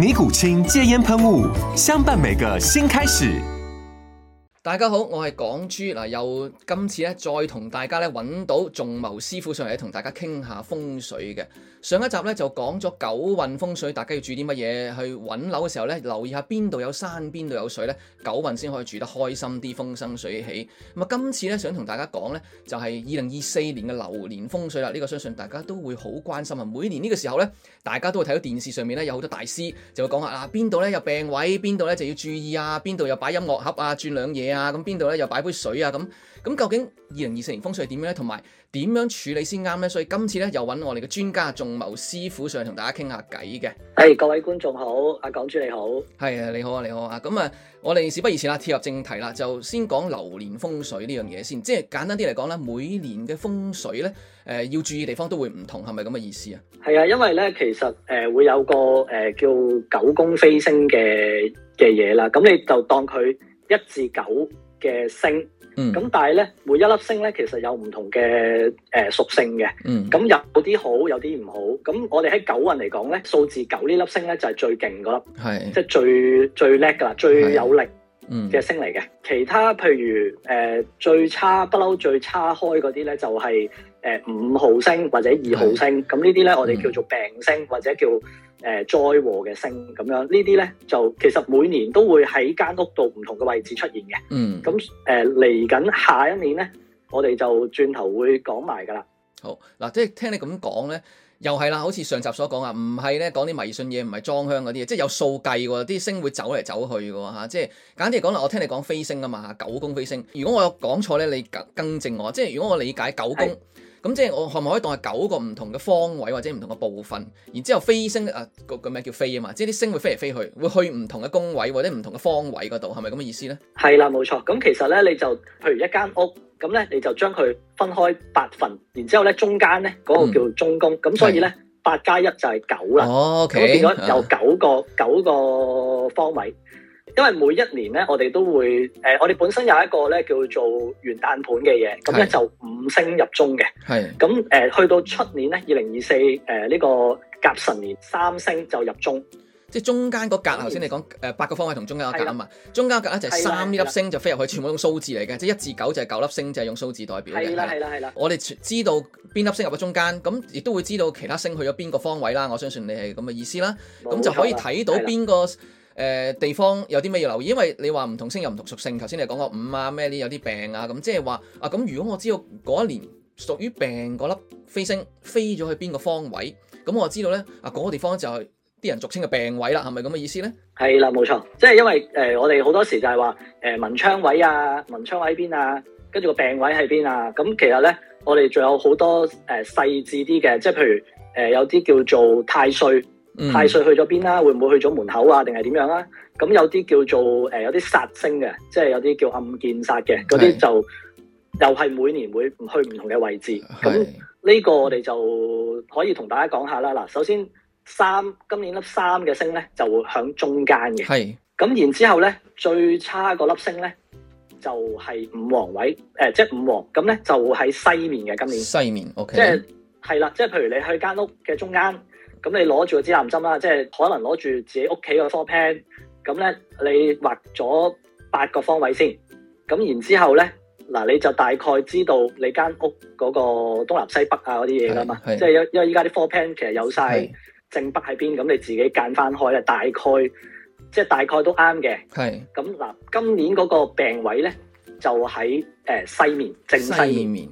尼古清戒煙噴霧，相伴每個新開始。大家好，我係港豬，又今次再同大家找揾到仲謀師傅上嚟，同大家傾下風水嘅。上一集就講咗九運風水，大家要注意啲乜嘢，去揾樓嘅時候留意一下邊度有山，邊度有水，九運先可以住得開心啲，風生水起。今次想同大家講咧，就係二零二四年嘅流年風水啦。呢個相信大家都會好關心，每年呢個時候大家都會睇到電視上面有好多大師就會講下嗱，邊、啊、度有病位，邊度就要注意邊度擺音樂盒啊，轉兩嘢。啊，咁邊度咧又擺杯水啊，咁咁究竟二零二四年風水係點樣咧？同埋點樣處理先啱咧？所以今次咧又揾我哋嘅專家仲謀師傅上同大家傾下偈嘅。係、哎、各位觀眾好，阿港豬你好，係啊，你好啊，你好啊。咁啊，我哋事不宜遲啦，切入正題啦，就先講流年風水呢樣嘢先。即係簡單啲嚟講咧，每年嘅風水咧，誒，要注意地方都會唔同，係咪咁嘅意思啊？係啊，因為咧其實誒、呃、會有個誒、呃、叫九宮飛星嘅嘅嘢啦，咁你就當佢。一至九嘅星，咁、嗯、但係咧，每一粒星咧，其實有唔同嘅誒屬性嘅，咁、嗯、有啲好，有啲唔好。咁我哋喺九運嚟講咧，數字九呢粒星咧就係最勁嗰粒，即係、就是、最最叻㗎喇，最有力嘅星嚟嘅、嗯。其他譬如誒、呃、最差不嬲最差開嗰啲咧，就係誒五號星或者二號星。咁呢啲咧，我哋叫做病星、嗯、或者叫，誒災禍嘅星咁樣，這些呢啲咧就其實每年都會喺間屋度唔同嘅位置出現嘅。嗯，咁誒嚟緊下一年咧，我哋就轉頭會講埋㗎啦。好，嗱，即係聽你咁講咧，又係啦，好似上集所講啊，唔係咧講啲迷信嘢，唔係裝香嗰啲嘢，即係有數計喎，啲星會走嚟走去嘅嚇，即係簡單啲講啦，我聽你講飛星啊嘛，九宮飛星，如果我有講錯咧，你更正我。即係如果我理解九宮。咁即係我可唔可以當係九個唔同嘅方位或者唔同嘅部分，然之後飛星啊，個個名叫飛啊嘛，即係啲星會飛嚟飛去，會去唔同嘅宮位或者唔同嘅方位嗰度，係咪咁嘅意思咧？係啦，冇錯。咁其實咧，你就譬如一間屋咁咧，你就將佢分開八份，然之後咧中間，咧嗰個叫中宮。咁、嗯、所以咧八加一就係九啦，ok 變咗有九個九、uh. 個方位。因為每一年咧、呃，我哋都會誒，我哋本身有一個咧叫做元旦盤嘅嘢，咁咧就五星入中嘅。係。咁、呃、誒，去到出年咧，二零二四誒呢個甲辰年，三星就入中。即係中間嗰格，頭先你講誒八個方位同中間個格啊嘛。中間格呢，就係三粒星就飛入去，全部用數字嚟嘅，即係一至九就係九粒星，就係、用數字代表。係啦，係啦，係啦。我哋知道邊粒星入咗中間，咁亦都會知道其他星去咗邊個方位啦。我相信你係咁嘅意思啦。咁就可以睇到邊個。誒地方有啲咩要留意？因為你話唔同星有唔同屬性，頭先你講個五啊咩啲有啲病啊咁，即係話啊咁。如果我知道嗰一年屬於病嗰粒飛星飛咗去邊個方位，咁我知道咧啊嗰個地方就係啲人俗稱嘅病位啦，係咪咁嘅意思咧？係啦，冇錯。即係因為誒、呃、我哋好多時就係話誒文昌位啊，文昌位喺邊啊，跟住個病位喺邊啊。咁其實咧，我哋仲有好多誒、呃、細緻啲嘅，即係譬如誒、呃、有啲叫做太歲。太、嗯、歲去咗邊啦？會唔會去咗門口啊？定係點樣啊？咁有啲叫做誒、呃，有啲殺星嘅，即係有啲叫暗箭殺嘅，嗰啲就又係每年會去唔同嘅位置。咁呢個我哋就可以同大家講下啦。嗱，首先三今年粒三嘅星咧，就會響中間嘅。係咁，然之後咧，最差嗰粒星咧，就係、是、五黃位誒，即係五黃咁咧，就喺、是、西面嘅今年西面。O、okay. K，即係係啦，即係譬如你去間屋嘅中間。咁你攞住個指南針啦，即係可能攞住自己屋企個 floor plan，咁咧你畫咗八個方位先，咁然之後咧，嗱你就大概知道你間屋嗰個東南西北啊嗰啲嘢噶嘛，即係因因為依家啲 floor plan 其實有晒正北喺邊，咁你自己揀翻開咧，大概即係、就是、大概都啱嘅。係。咁嗱，今年嗰個病位咧就喺、呃、西面正西面。西面。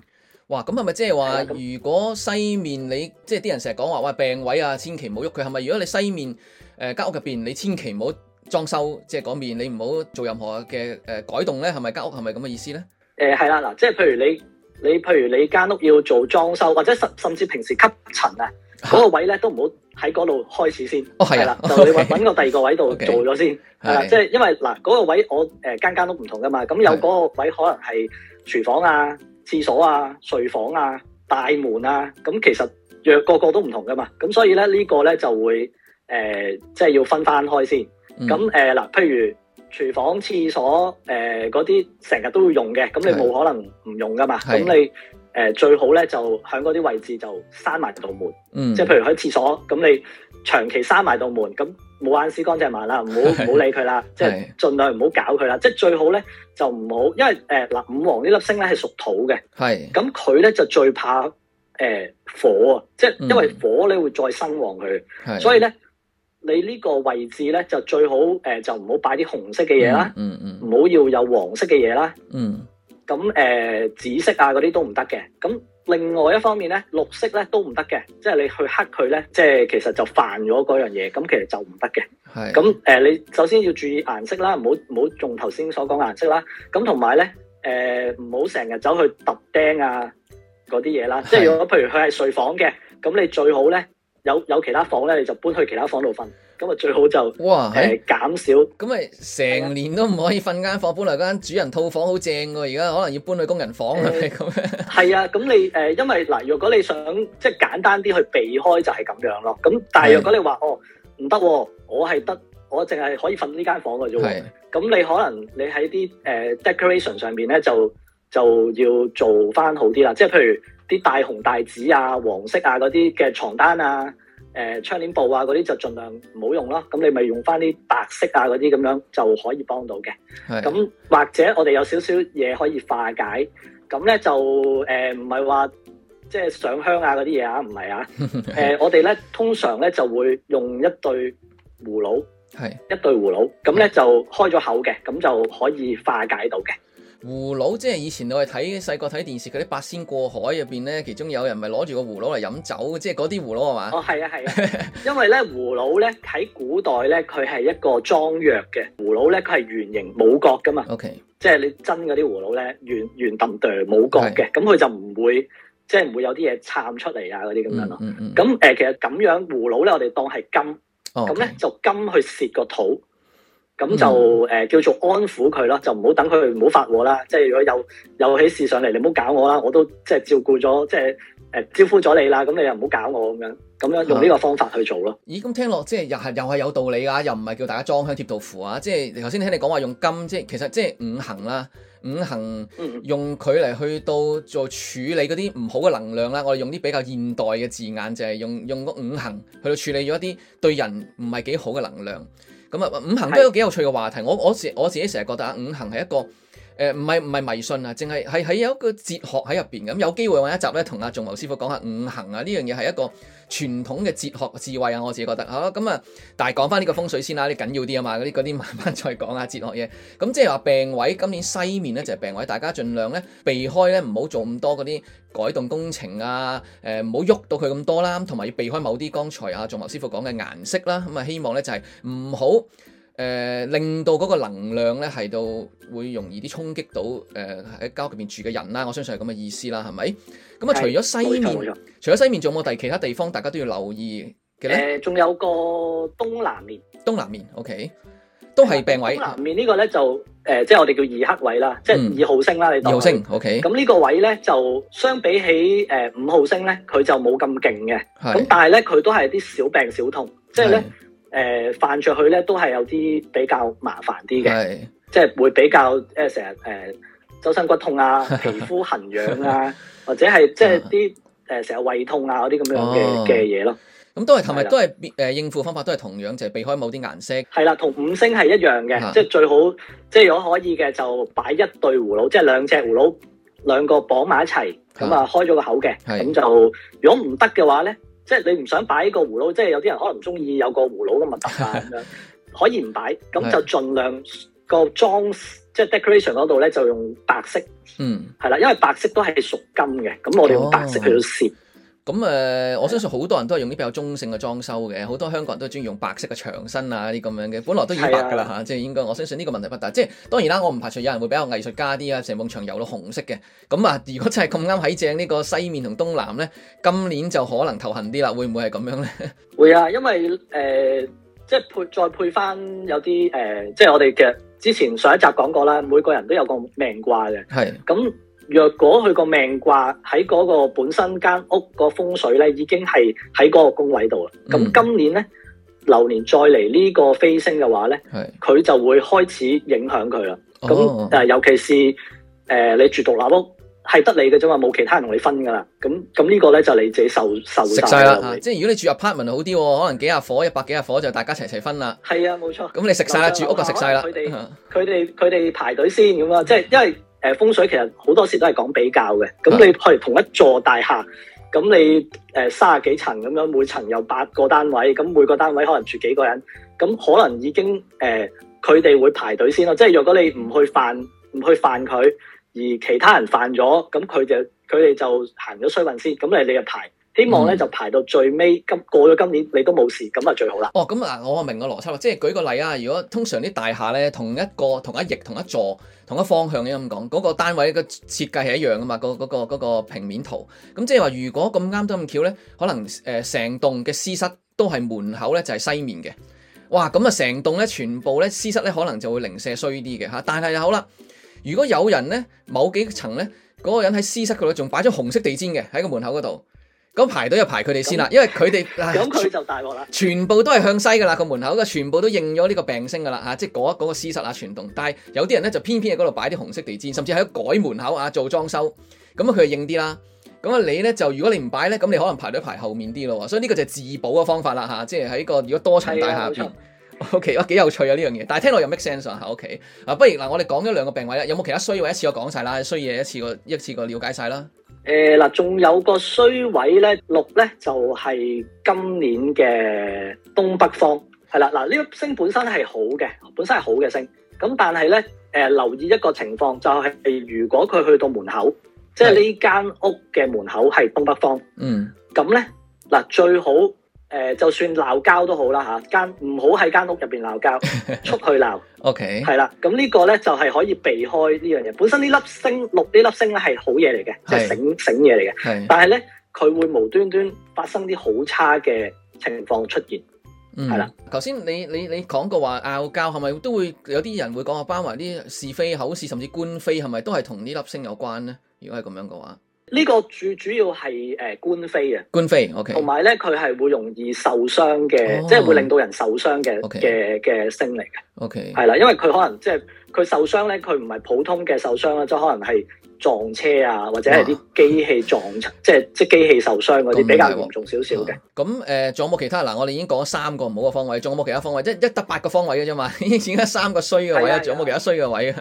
哇，咁係咪即係話，如果西面你即係啲人成日講話，喂，病位啊，千祈唔好喐佢。係咪？如果你西面誒間、呃、屋入邊，你千祈唔好裝修，即係嗰面你唔好做任何嘅誒、呃、改動咧。係咪？間屋係咪咁嘅意思咧？誒係啦，嗱、啊，即係譬如你你譬如你間屋要做裝修，或者甚甚至平時吸塵、嗰個、啊，嗰個位咧都唔好喺嗰度開始先。哦，係、啊啊、 就你揾個第二個位度做咗先。係、okay. 啦、啊，即係、啊、因為嗱嗰、嗰個位我誒間間屋唔同噶嘛，咁有嗰個位可能係廚房啊。廁所啊、睡房啊、大門啊，咁其實若個個都唔同噶嘛，咁所以咧呢個咧就會誒、呃，即係要分翻開先。咁誒嗱，譬如廚房、廁所誒嗰啲，成日都會用嘅，咁你冇可能唔用噶嘛。咁你誒、呃、最好咧就喺嗰啲位置就閂埋道門。嗯、即係譬如喺廁所，咁你長期閂埋道門咁。冇眼屎乾淨埋啦，唔好唔好理佢啦，即係儘量唔好搞佢啦。即係最好咧就唔好，因為誒嗱五黃呢粒星咧係屬土嘅，咁佢咧就最怕誒火啊！即係因為火咧會再生旺佢，所以咧你呢個位置咧就最好誒就唔好擺啲紅色嘅嘢啦，唔好、嗯嗯、要有黃色嘅嘢啦，咁、嗯、誒紫色啊嗰啲都唔得嘅，咁。另外一方面咧，綠色咧都唔得嘅，即係你去黑佢咧，即係其實就犯咗嗰樣嘢，咁其實就唔得嘅。係咁誒，你首先要注意顏色啦，唔好唔好用頭先所講顏色啦。咁同埋咧誒，唔好成日走去揼釘啊嗰啲嘢啦。係即係如果譬如佢係睡房嘅，咁你最好咧有有其他房咧，你就搬去其他房度瞓。咁啊，最好就哇，誒、欸呃、減少。咁咪成年都唔可以瞓間房，本來間主人套房好正㗎。而家可能要搬去工人房係咪咁？係、呃、啊，咁你誒、呃，因為嗱、呃，如果你想即係簡單啲去避開就這，就係咁樣咯。咁但係如果你話哦，唔得，我係得，我淨係可以瞓呢間房嘅啫。咁你可能你喺啲誒 decoration 上面咧，就就要做翻好啲啦。即係譬如啲大紅大紫啊、黃色啊嗰啲嘅床單啊。誒、呃、窗簾布啊嗰啲就盡量唔好用咯，咁你咪用返啲白色啊嗰啲咁樣就可以幫到嘅。咁或者我哋有少少嘢可以化解，咁咧就誒唔係話即係上香啊嗰啲嘢啊，唔係啊。誒、 呃、我哋咧通常咧就會用一對葫蘆，係一對葫蘆，咁咧就開咗口嘅，咁就可以化解到嘅。葫蘆即係以前我哋睇細個睇電視嗰啲八仙過海入邊咧，其中有人咪攞住個葫蘆嚟飲酒嘅，即係嗰啲葫蘆係嘛？哦，係啊，係啊。 因為咧葫蘆咧喺古代咧，佢係一個裝藥嘅葫蘆咧，佢係圓形冇角噶嘛。O、okay. K，即係你真嗰啲葫蘆咧，圓圓揼對冇角嘅，咁佢就唔會即係唔會有啲嘢撐出嚟啊嗰啲咁樣咯。咁、嗯、誒、嗯嗯呃，其實咁樣葫蘆咧，我哋當係金，咁、oh, 咧、okay. 就金去蝕個土。咁、嗯、就叫做安撫佢啦就唔好等佢唔好發禍我啦。即係如果有有起事上嚟，你唔好搞我啦，我都即係照顧咗，即係、呃、招呼咗你啦。咁你又唔好搞我咁樣，咁樣用呢個方法去做咯、嗯。咦？咁聽落即係又係又係有道理㗎，又唔係叫大家裝香貼道符啊。即係頭先聽你講話用金，即係其實即係五行啦，五行用佢嚟去到做處理嗰啲唔好嘅能量啦、嗯。我哋用啲比較現代嘅字眼，就係、是、用用個五行去到處理咗一啲對人唔係幾好嘅能量。咁啊，五行都係一個幾有趣嘅話題，我我自我自己成日覺得啊，五行係一個。誒唔係唔係迷信啊，淨係係喺有一個哲學喺入面。咁，有機會我一集咧同阿仲謀師傅講下五行啊，呢樣嘢係一個傳統嘅哲學智慧啊，我自己覺得好咁啊，但係講翻呢個風水先啦，你緊要啲啊嘛，嗰啲啲慢慢再講啊哲學嘢。咁即係話病位，今年西面咧就係、是、病位，大家盡量咧避開咧，唔好做咁多嗰啲改動工程啊，誒唔好喐到佢咁多啦，同埋要避開某啲剛才啊仲謀師傅講嘅顏色啦。咁、嗯、啊，希望咧就係唔好。誒，令到嗰個能量咧係到會容易啲衝擊到誒喺郊區邊住嘅人啦，我相信係咁嘅意思啦，係咪？咁啊，除咗西面，除咗西面仲有冇第其他地方大家都要留意嘅咧？誒，仲有個東南面，東南面，OK，都係病位。東南面呢個咧就誒，即係我哋叫二黑位啦，即係二號星啦，你。二號星，OK。咁呢個位咧就相比起誒五號星咧，佢就冇咁勁嘅，咁但係咧佢都係啲小病小痛，即係咧。誒、呃，犯著去咧都係有啲比較麻煩啲嘅，是的即係會比較誒成日誒周身骨痛啊、 皮膚痕癢啊，或者係即係啲誒成日胃痛啊嗰啲咁樣嘅嘅嘢咯、哦。咁都係同埋都係誒應付方法都係同樣就係，是、避開某啲顏色。係啦，同五星係一樣嘅，即係最好即係如果可以嘅就擺一對葫蘆，即係兩隻葫蘆兩個綁埋一齊，咁啊開咗個口嘅，咁就如果唔得嘅話咧。即係你唔想擺個葫蘆，即係有啲人可能唔中意有個葫蘆嘅物立嘛，咁 樣可以唔擺，咁就儘量個裝即係 decoration 嗰度咧，就用白色，係、嗯、啦，因為白色都係屬金嘅，咁我哋用白色去到攝。哦。咁誒，我相信好多人都係用啲比較中性嘅裝修嘅，好多香港人都中意用白色嘅牆身啊，啲咁樣嘅，本來都已經白㗎啦吓，即係應該，我相信呢個問題不大。即係當然啦，我唔排除有人會比較藝術家啲啊，成埲牆油到紅色嘅。咁啊，如果真係咁啱喺正呢個西面同東南咧，今年就可能頭痕啲啦，會唔會係咁樣咧？會啊，因為誒、呃，即係配再配翻有啲誒、呃，即係我哋其實之前上一集講過啦，每個人都有個命卦嘅，咁。若果佢個命卦喺嗰個本身間屋個風水咧，已經係喺嗰個宮位度啦。咁、嗯、今年咧流年再嚟呢個飛星嘅話咧，佢就會開始影響佢啦。咁、哦、尤其是誒、呃、你住獨立屋，係得你嘅啫嘛，冇其他人同你分噶啦。咁咁呢個咧就是、你自己受受晒啦。即、啊、係如果你住入 apartment 好啲喎，可能幾廿夥，一百幾廿夥，就大家一齊，齊分啦。係啊，冇錯。咁你食晒啦，住屋就食晒啦。佢哋佢哋佢哋排隊先咁啊！即係因為 風水其實好多時都係講比較嘅，咁你譬如同一座大廈，咁你誒三十幾層咁樣，每層有八個單位，咁每個單位可能住幾個人，咁可能已經誒佢哋會排隊先咯，即係若果你唔去犯唔去犯佢，而其他人犯咗，咁佢就佢哋就行咗衰運先，咁嚟，你就排。希望咧就排到最尾，今過咗今年你都冇事，咁啊最好啦。哦，咁啊，我明個邏輯啦，即係舉個例啊。如果通常啲大廈咧，同一個、同一翼、同一座、同一方向咁講，嗰、嗰個單位嘅設計係一樣噶嘛，嗰、嗰個嗰個嗰個平面圖。咁即係話，如果咁啱都咁巧咧，可能呃，成棟嘅私室都係門口咧就係、係、西面嘅。哇！咁啊，成棟咧全部咧私室咧可能就會零舍衰啲嘅吓。但係又好啦，如果有人咧某幾層咧嗰、嗰個人喺私室嗰度仲擺咗紅色地氈嘅喺個門口嗰度。咁排隊就排佢哋先啦，因為佢哋咁佢就大鑊啦，全部都係向西噶啦個、啊那個那個、就偏偏門口，咁全部都應咗呢個病星噶啦吓，即係嗰嗰個私室啊、傳統，但係有啲人咧就偏偏喺嗰度擺啲紅色地氈，甚至喺改門口啊做裝修，咁啊佢就應啲啦。咁啊你咧就如果你唔擺咧，咁你可能排隊排後面啲咯。所以呢個就係自保嘅方法啦吓、啊，即係喺個如果多層大廈入邊，O K，哇幾有趣啊呢樣嘢。但係聽落有咩 sense 喺屋企？啊，不如嗱、啊，我哋講咗兩個病位啦、啊，有冇其他需要？一次我講晒啦，需要嘢一次過一次過了解晒啦。誒、呃、嗱，仲有一個衰位咧，六咧就係、是、今年嘅東北方，係啦。嗱、呃，呢粒星本身係好嘅，本身係好嘅星。咁但係咧，誒、呃、留意一個情況，就係、是、如果佢去到門口，是即係呢間屋嘅門口係東北方，嗯，咁咧嗱最好。誒、呃，就算鬧交都好啦吓，間唔好喺間屋入邊鬧交，出去鬧 ，OK，係啦。咁呢個咧就係可以避開呢樣嘢。本身呢粒星綠呢粒星咧係好嘢嚟嘅，係醒醒嘢嚟嘅，係。但係咧，佢會無端端發生啲好差嘅情況出現。嗯，係啦。頭先你你你講過話拗交係咪都會有啲人會講話？包括啲是非口事，甚至官非，係咪都係同呢粒星有關咧？如果係咁樣嘅話。呢、這個最主要係誒官非啊，官非，官非，OK，同埋咧佢係會容易受傷嘅，oh, okay. 即係會令到人受傷嘅嘅嘅星嚟嘅。Okay. 的的係、okay. 啦，因為佢可能即係佢受傷咧，佢唔係普通嘅受傷啦，即係可能係撞車啊，或者係啲機器撞，啊、即係即係機器受傷嗰啲，比較嚴重少少嘅。咁、啊、誒，仲、啊、有冇其他？嗱、啊，我哋已經講咗三個唔好嘅方位，仲有冇其他方位？即係一得八個方位嘅啫嘛，已經而家三個衰嘅位啦，仲有冇其他衰嘅位？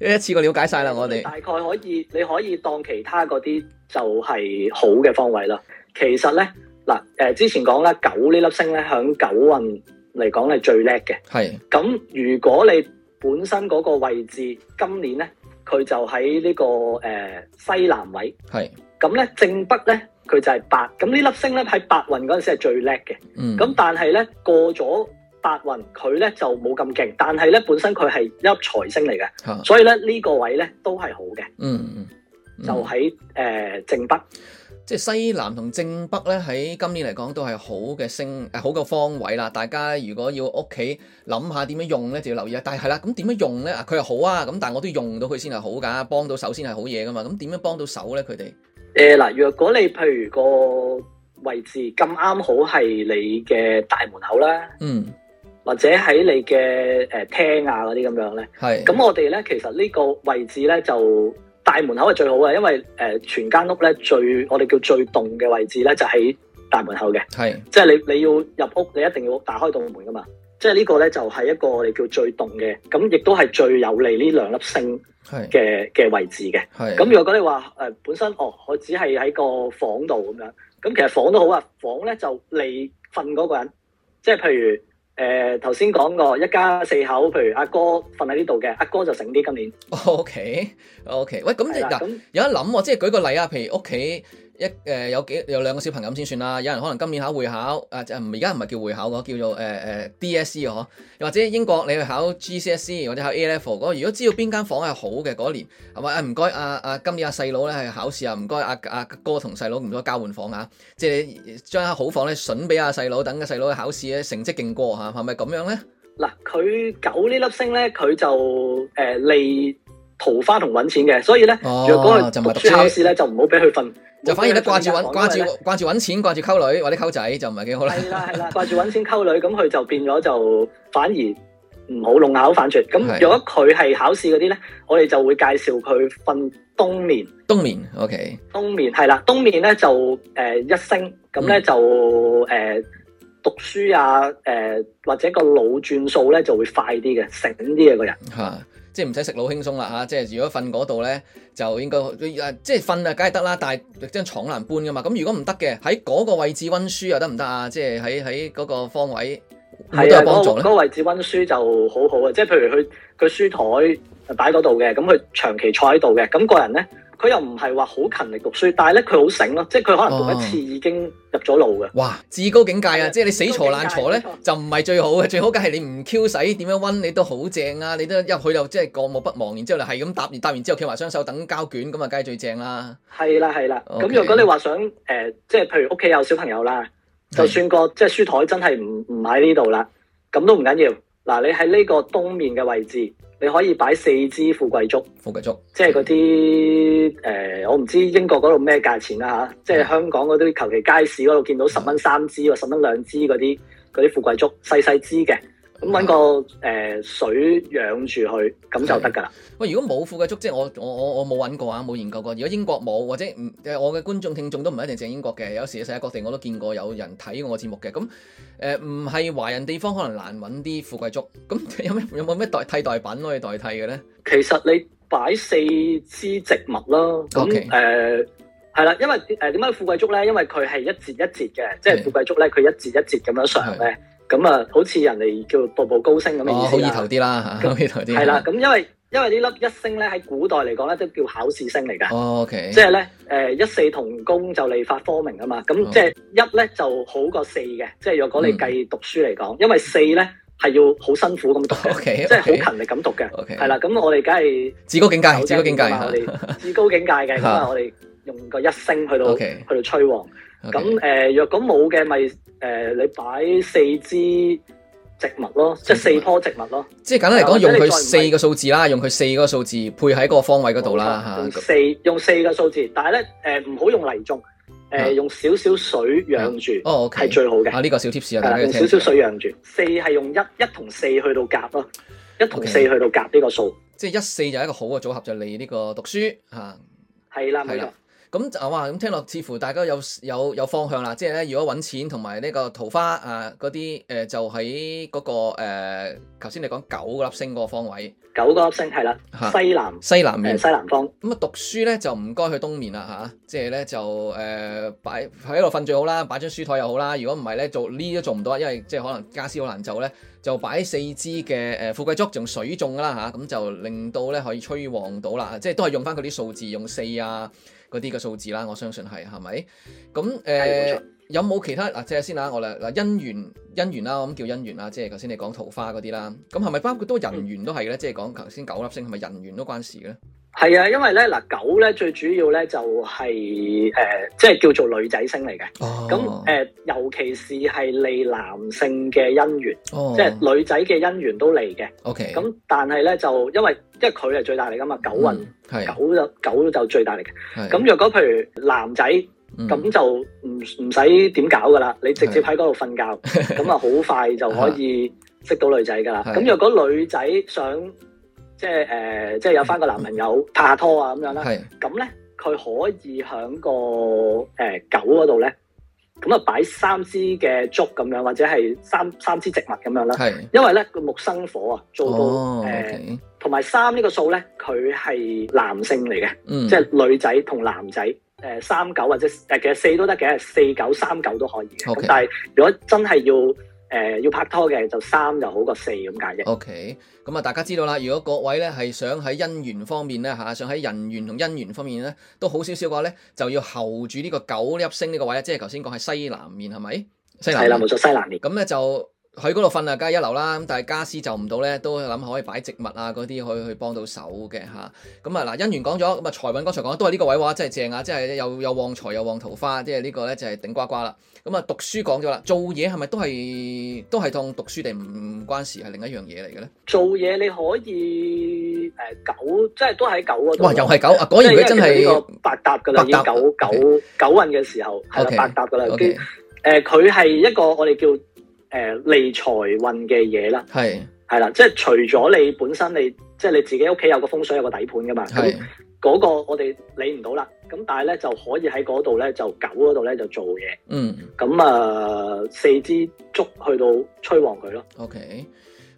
一次過了解晒啦，我哋大概可以，你可以當其他嗰啲就係好嘅方位啦。其實咧，嗱、啊，誒、呃，之前講咧，九呢粒星咧，響九運。嚟講係最叻嘅，係咁。如果你本身嗰個位置今年咧，佢就喺呢個誒西南位，係咁咧，正北咧，佢就係白。咁呢粒星咧喺白雲嗰陣時係最叻嘅，嗯，咁但係咧過咗白雲，佢咧就冇咁勁。但係咧本身佢係一粒財星嚟嘅，所以咧呢個位咧都係好嘅，嗯，就喺誒正北。即係西南同正北咧，喺今年嚟講都係好嘅升，誒、啊、好嘅方位啦。大家如果要屋企諗下點樣用咧，就要留意啊。但係，但點樣用咧，係好啊。但係啦，咁點樣用咧？啊，佢又好啊，咁但係我都用到佢先係好噶，幫到手先係好嘢噶嘛。咁點樣幫到手咧？佢哋誒嗱，呃，若果你譬如個位置咁啱好係你嘅大門口啦，嗯，或者喺你嘅誒、呃、廳啊嗰啲咁樣咧，係。咁我哋咧，其實呢個位置咧就。大門口係最好嘅，因為誒、呃、全間屋咧最我哋叫最凍嘅位置咧就喺、是、大門口嘅，係即係你你要入屋你一定要打開道門㗎嘛，即係呢個咧就係、是、一個我哋叫最凍嘅，咁亦都係最有利呢兩粒星嘅嘅位置嘅。咁如果你話誒、呃、本身哦我只係喺個房度咁樣，咁其實房都好啊，房咧就利瞓嗰個人，即係譬如。誒頭先講過一家四口，譬如阿哥瞓喺呢度嘅，阿哥就醒啲今年。O K O K，喂咁即係嗱，有一諗喎，即係舉個例啊，譬如屋企。一誒、呃、有幾有兩個小朋友先算啦，有人可能今年考會考，啊就唔而家唔係叫會考叫做誒誒、呃、DSE 嘅又或者英國你去考 GCSE 或者考 A Level 嗰個，如果知道邊間房係好嘅嗰年，係咪啊唔該啊啊，今年阿細佬咧係考試啊，唔該阿阿哥同細佬唔該交換房嚇、啊，即係將好房咧筍俾阿細佬，等嘅細佬去考試咧，成績勁過嚇，係咪咁樣咧？嗱，佢九呢粒星咧，佢就誒利。桃花同揾錢嘅。所以咧，如、哦、果佢讀，讀書考試咧，就唔好俾佢瞓。就反而咧掛住揾掛住掛住揾錢，掛住溝女或者溝仔，就唔係幾好啦。係啦係啦，掛住揾錢溝女，咁佢就變咗就反而唔好弄巧反拙。咁如果佢係考試嗰啲咧，我哋就會介紹佢瞓冬眠。冬眠，OK。冬眠係啦，冬眠咧就誒一升，咁、呃、咧、嗯、就誒讀書啊，誒、呃、或者個腦轉數咧就會快啲嘅，醒啲嘅個人。即係唔使食腦輕鬆啦嚇！即係如果瞓嗰度咧，就應該啊，即係瞓啊，梗係得啦。但係張床難搬噶嘛。咁如果唔得嘅，喺嗰個位置温書又得唔得啊？即係喺喺嗰個方位，喺度，都有幫助咧。嗰、嗰個位置温書就好好啊！即係譬如佢佢書枱擺嗰度嘅，咁佢長期坐喺度嘅，咁、個人咧。佢又唔係話好勤力讀書，但係咧佢好醒咯，即係佢可能讀一次已經入咗腦嘅。哇！至高境界啊！即係你死坐爛坐咧，就唔係最好嘅。最好梗係你唔 Q 死，點、嗯、樣温你都好正啊！你都入去又即係過目不忘，然之後就係咁答完答完之後企埋雙手等膠卷，咁啊梗係最正啦、啊。係啦係啦。咁、okay、如果你話想誒、呃，即係譬如屋企有小朋友啦，就算個即係書枱真係唔唔喺呢度啦，咁都唔緊要。嗱，你喺呢個東面嘅位置。你可以擺四支富貴竹，富貴竹即係嗰啲誒，我唔知英國嗰度咩價錢啦、啊、嚇、嗯，即係香港嗰啲求其街市嗰度見到十蚊三支喎，十蚊兩支啲嗰啲富貴竹細細支嘅。小小咁、嗯、揾個、呃、水養住佢，咁就得噶啦。喂，如果冇富貴竹，即係我我我我冇揾過啊，冇研究過。如果英國冇，或者我嘅觀眾聽眾都唔一定淨係英國嘅，有時世界各地我都見過有人睇我嘅節目嘅。咁誒唔係華人地方，可能難揾啲富貴竹。咁有咩有冇咩代替代品可以代替嘅咧？其實你擺四枝植物咯。咁誒係啦，因為誒點解富貴竹咧？因為佢係一節一節嘅，即係富貴竹咧，佢一節一節咁樣上咧。咁啊，好似人哋叫步步高升咁嘅意思啊！好意頭啲啦，好意頭啲。係啦，咁因為因為呢粒一星咧喺古代嚟講咧都叫考試星嚟㗎。o k 即係咧，誒、okay 就是呃，一四同工就嚟發科名啊嘛。咁即係一咧就好過四嘅，哦。即係若果你計讀書嚟講，嗯，因為四咧係要好辛苦咁讀，即係好勤力咁讀嘅。係係啦，咁、okay、我哋梗係至高境界，至高境界，我哋至高境界嘅咁啊！哈哈我哋用一個一星去到，okay、去到催旺。咁、okay. 誒，若果冇嘅咪誒，你擺四支植物咯，即係四棵植物咯。即係簡單嚟講，用佢四個數字啦，用佢四個數字配喺嗰個方位嗰度啦吓。用四、啊、用四個數字，但係咧誒唔好用泥種，誒用少少水養住，哦，係最好嘅。啊呢個小貼士啊，用少少水養、啊這個、用少少水養住。四係用一一同四去到夾咯，一同四去到夾呢個數，okay. 即係一四就係一個好嘅組合，就係、你呢個讀書吓。係、啊、啦，係啦。咁就哇！咁聽落似乎大家有有有方向啦，即係咧如果揾錢同埋呢個桃花啊嗰啲、呃、就喺嗰、那個誒頭先你講九粒星嗰個方位，九個粒星係啦，西南西南面西南方。咁、嗯、啊、嗯、讀書咧就唔該去東面啦吓，即係咧就誒擺喺度瞓最好啦，擺張書台又好啦。如果唔係咧做呢都做唔到，因為即係可能家私好難做咧，就擺四支嘅誒富貴竹仲水種啦吓，咁、啊、就令到咧可以催旺到啦，即係都係用翻佢啲數字用四啊。嗰啲嘅數字啦，我相信係係咪？咁誒、呃、有冇其他嗱？即係、啊、先啦，我哋嗱姻緣姻緣啦，我諗叫姻緣啦，即係頭先你講桃花嗰啲啦。咁係咪包括多人緣都係嘅咧？即係講頭先九粒星係咪人緣都關事嘅咧？係啊，因為咧，嗱，九咧最主要咧就係、是、誒、呃，即係叫做女仔星嚟嘅。咁、oh. 誒、呃，尤其是係利男性嘅姻緣，oh. 即係女仔嘅姻緣都嚟嘅。O、okay. K。咁但係咧就因為，因為佢係最大力噶嘛，九運係、嗯、九就九就最大力嘅。咁若果譬如男仔咁、嗯、就唔唔使點搞噶啦，你直接喺嗰度瞓覺，咁啊好快就可以 識到女仔噶啦。咁若果女仔想，即係誒、呃，即係有翻個男朋友拍拖啊咁樣啦。係、嗯。咁咧，佢可以喺個誒、呃、狗嗰度咧，咁啊擺三枝嘅竹咁樣，或者係三三枝植物咁樣啦。係。因為咧個木生火啊，做到誒。同、哦、埋、呃 okay. 三呢個數咧，佢係男性嚟嘅、嗯。即係女仔同男仔誒、呃、三九或者誒其實四都得嘅，四九三九都可以嘅。咁、okay. 但係如果真係要。誒、呃，要拍拖嘅就三又好過四咁解啫。O K，咁啊，大家知道啦。如果各位咧係想喺姻緣方面咧吓，想喺人緣同姻緣方面咧都好少少嘅話咧，就要候住呢個九粒星呢個位呢。即係頭先講係西南面係咪？係啦，冇錯，西南面。咁咧、嗯、就。喺嗰度瞓啊，梗係一流啦。咁但係家私就唔到咧，都諗可以擺植物啊，嗰啲可以去幫到手嘅吓。咁啊嗱，姻緣講咗，咁啊財運剛才講都係呢個位話，真係正啊！即係有有旺財有旺桃花，即係呢個咧就係頂呱呱啦。咁啊讀書講咗啦，做嘢係咪都係都係同讀書定唔唔關事，係另一樣嘢嚟嘅咧？做嘢你可以誒、呃、狗即係都喺狗啊。哇，又係狗啊！果然佢真係呢個百搭噶啦，九九九運嘅時候係啦，百搭噶啦。誒，佢、okay，係、okay。呃、一個我哋叫。誒，利財運嘅嘢啦，係係啦，即係除咗你本身，你即係你自己屋企有個風水有個底盤噶嘛，咁嗰、嗰個我哋理唔到啦，咁但係咧就可以喺嗰度咧就狗嗰度咧就做嘢，嗯，咁啊、呃、四支竹去到催旺佢咯。O、okay, K，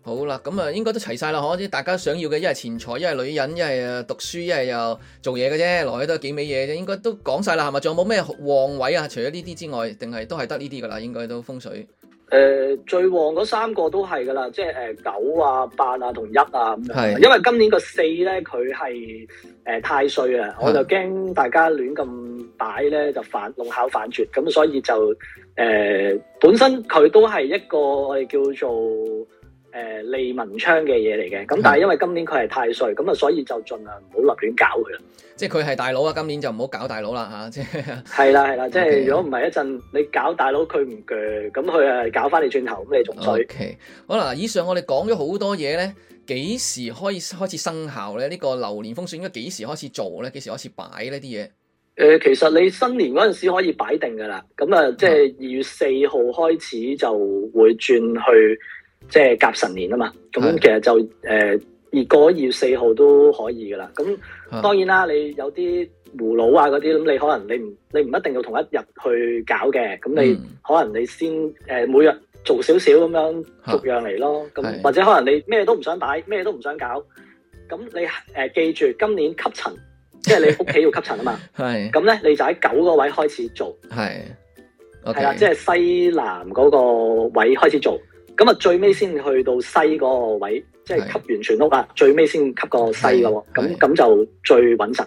好啦，咁啊應該都齊晒啦，可即大家想要嘅，一係錢財，一係女人，一係啊讀書，一係又做嘢嘅啫，來嘅都係幾味嘢啫，應該都講晒啦，係咪？仲有冇咩旺位啊？除咗呢啲之外，定係都係得呢啲噶啦？應該都風水。誒、呃，最旺嗰三個都係噶啦，即係誒、呃、九啊、八啊、同一啊咁。係，因為今年個四咧，佢係誒太歲啊，我就驚大家亂咁擺咧就反弄巧反拙，咁所以就誒、呃、本身佢都係一個我哋叫做。誒、呃，利文昌嘅嘢嚟嘅，咁但係因為今年佢係太歲，咁啊，所以就盡量唔好立亂搞佢啦。即係佢係大佬啊，今年就唔好搞大佬啦吓。係啦係啦， okay. 即係如果唔係一陣你搞大佬，佢唔鋸，咁佢係搞翻你轉頭，咁你仲衰。Okay. 好啦，以上我哋講咗好多嘢咧，幾時開開始生效咧？呢、這個流年風水應該幾時開始做咧？幾時開始擺呢啲嘢？誒、呃，其實你新年嗰陣時可以擺定噶啦，咁啊，即係二月四號開始就會轉去。即係甲辰年啊嘛，咁其實就誒而過二月四號都可以噶啦。咁當然啦，啊、你有啲葫蘆啊嗰啲，咁你可能你唔你唔一定要同一日去搞嘅。咁你可能你先誒、嗯呃、每日做少少咁樣逐樣嚟咯。咁、啊、或者可能你咩都唔想擺，咩都唔想搞。咁你誒、呃、記住，今年吸塵， 即係你屋企要吸塵啊嘛。係咁咧，你就喺九個位置開始做。係係啦，okay, 即係西南嗰個位置開始做。咁啊，最尾先去到西嗰個位，即係吸完全屋啊，最尾先吸個西個喎，咁咁就最穩陣。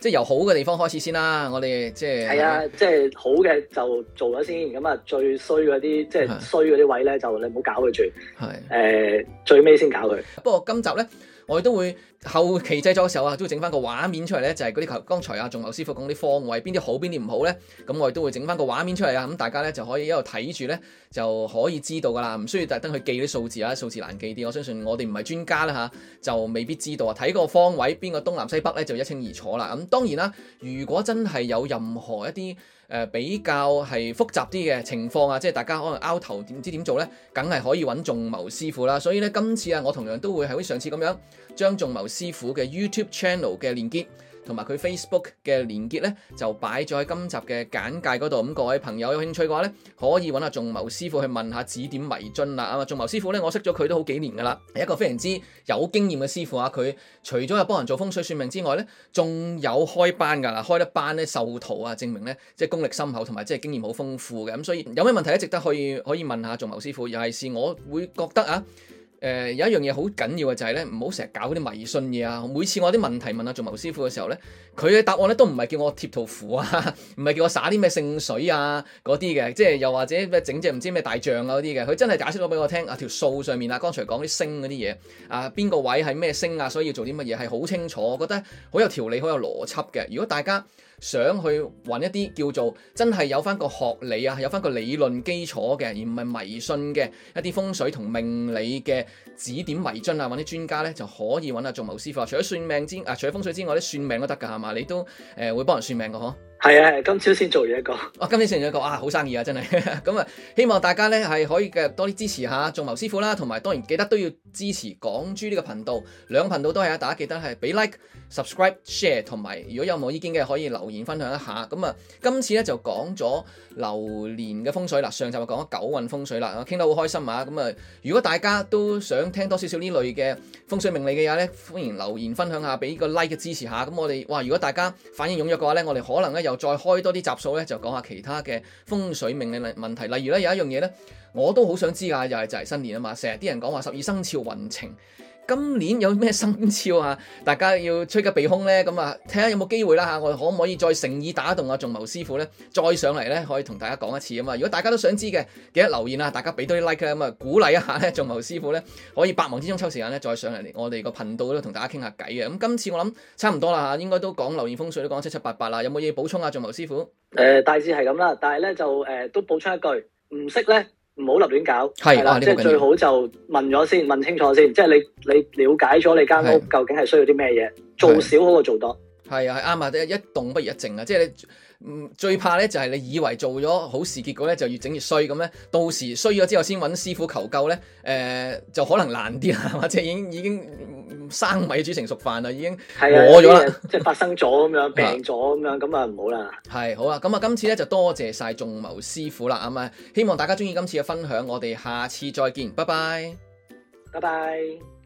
即係由好嘅地方開始先啦、啊，我哋即係係啊，即係、就是、好嘅就做咗先，咁啊最衰嗰啲即係衰嗰啲位咧，就你唔好搞佢住。係誒、啊呃、最尾先搞佢。不過今集咧，我哋都會後期製作嘅時候啊，都會整翻個畫面出嚟咧，就係嗰啲頭剛才阿仲謀師傅講啲方位，邊啲好邊啲唔好咧，咁我哋都會整翻個畫面出嚟啊，咁、嗯、大家咧就可以一路睇住咧，就可以知道噶啦，唔需要特登去記啲數字啊，數字難記啲，我相信我哋唔係專家啦嚇、啊，就未必知道啊。睇個方位邊個東南西北咧，就一清二楚啦。咁、嗯當然啦，如果真係有任何一啲誒、呃、比較係複雜啲嘅情況啊，即係大家可能拗頭點知點做咧，梗係可以揾仲謀師傅啦。所以咧，今次啊，我同樣都會係好似上次咁樣，將仲謀師傅嘅 YouTube channel 嘅連結。同埋佢 Facebook 嘅連結咧，就擺咗喺今集嘅簡介嗰度。咁各位朋友有興趣嘅話咧，可以揾阿仲謀師傅去問下指點迷津啦。啊，仲謀師傅咧，我識咗佢都好幾年噶啦，係一個非常之有經驗嘅師傅啊。佢除咗係幫人做風水算命之外咧，仲有開班噶啦，開得班咧受徒啊，證明咧即係功力深厚同埋即係經驗好豐富嘅。咁所以有咩問題咧，值得可以可以問下仲謀師傅，尤其是我會覺得啊。誒、呃、有一樣嘢好緊要嘅就係、是、咧，唔好成日搞啲迷信嘢啊！每次我啲問題問啊仲謀師傅嘅時候咧，佢嘅答案咧都唔係叫我貼圖符啊，唔 係叫我灑啲咩聖水啊嗰啲嘅，即係又或者咩整隻唔知咩大象啊嗰啲嘅，佢真係解釋咗俾我聽啊條數上面啊，剛才講啲星嗰啲嘢啊，邊個位係咩星啊，所以要做啲乜嘢係好清楚，我覺得好有條理、好有邏輯嘅。如果大家，想去揾一啲叫做真係有翻個學理啊，有翻個理論基礎嘅，而唔係迷信嘅一啲風水同命理嘅指點迷津啊，揾啲專家呢，就可以揾下做某師傅仲謀師傅了。除咗算命之、啊、除咗風水之外，啲算命都得㗎，係嘛？你都會、呃、會幫人算命㗎呵？係啊，今朝先做嘢一個。哇、哦，今朝先做完一個，啊，好生意啊，真係。咁啊，希望大家咧係可以嘅多啲支持下仲謀師傅啦，同埋當然記得都要支持港豬呢、這個頻道，兩頻道都係啊，大家記得係俾 like subscribe, share,、subscribe、share，同埋如果有冇意見嘅可以留言分享一下。咁啊，今次咧就講咗流年嘅風水啦，上集啊講咗九運風水啦，傾得好開心啊。咁啊，如果大家都想聽多少少呢類嘅風水命理嘅嘢咧，歡迎留言分享下，俾個 like 嘅支持下。咁我哋哇，如果大家反應踴躍嘅話咧，我哋可能咧有。再開多啲集數咧，就講下其他嘅風水命理問題，例如咧，有一樣嘢咧，我都好想知啊，又係就係、是、新年啊嘛，成日啲人講話十二生肖運程。今年有咩新招啊？大家要趨吉避兇咧，咁啊睇下有冇機會啦嚇！我可唔可以再誠意打動阿仲謀師傅咧，再上嚟咧，可以同大家講一次啊嘛！如果大家都想知嘅，記得留言啊！大家俾多啲 like 咁啊，鼓勵一下咧，仲謀師傅咧可以百忙之中抽時間咧，再上嚟我哋個頻道度同大家傾下偈嘅。咁今次我諗差唔多啦嚇，應該都講留言風水都講七七八八啦，有冇嘢補充啊？仲謀師傅？誒、呃、大致係咁啦，但係咧就誒、呃、都補充一句，唔識咧。唔好立亂搞，係啦，即係最好就問咗先，問清楚先，即係你你了解咗你間屋究竟係需要啲咩嘢，做少好過做多，係啊，啱啊，即係一動不如一靜啊，即係你。.嗯，最怕咧就係、是、你以為做咗好事，結果咧就越整越衰。咁咧，到時衰咗之後先揾師傅求救咧，誒、呃、就可能難啲啦，或者已經已經生米煮成熟飯啦，已經錯咗啦，即係、啊就是、發生咗咁樣病咗咁樣，咁啊唔好啦。係好啦、啊，咁啊今次咧就多謝晒仲謀師傅啦，阿、嗯、媽，希望大家中意今次嘅分享，我哋下次再見，拜拜，拜拜。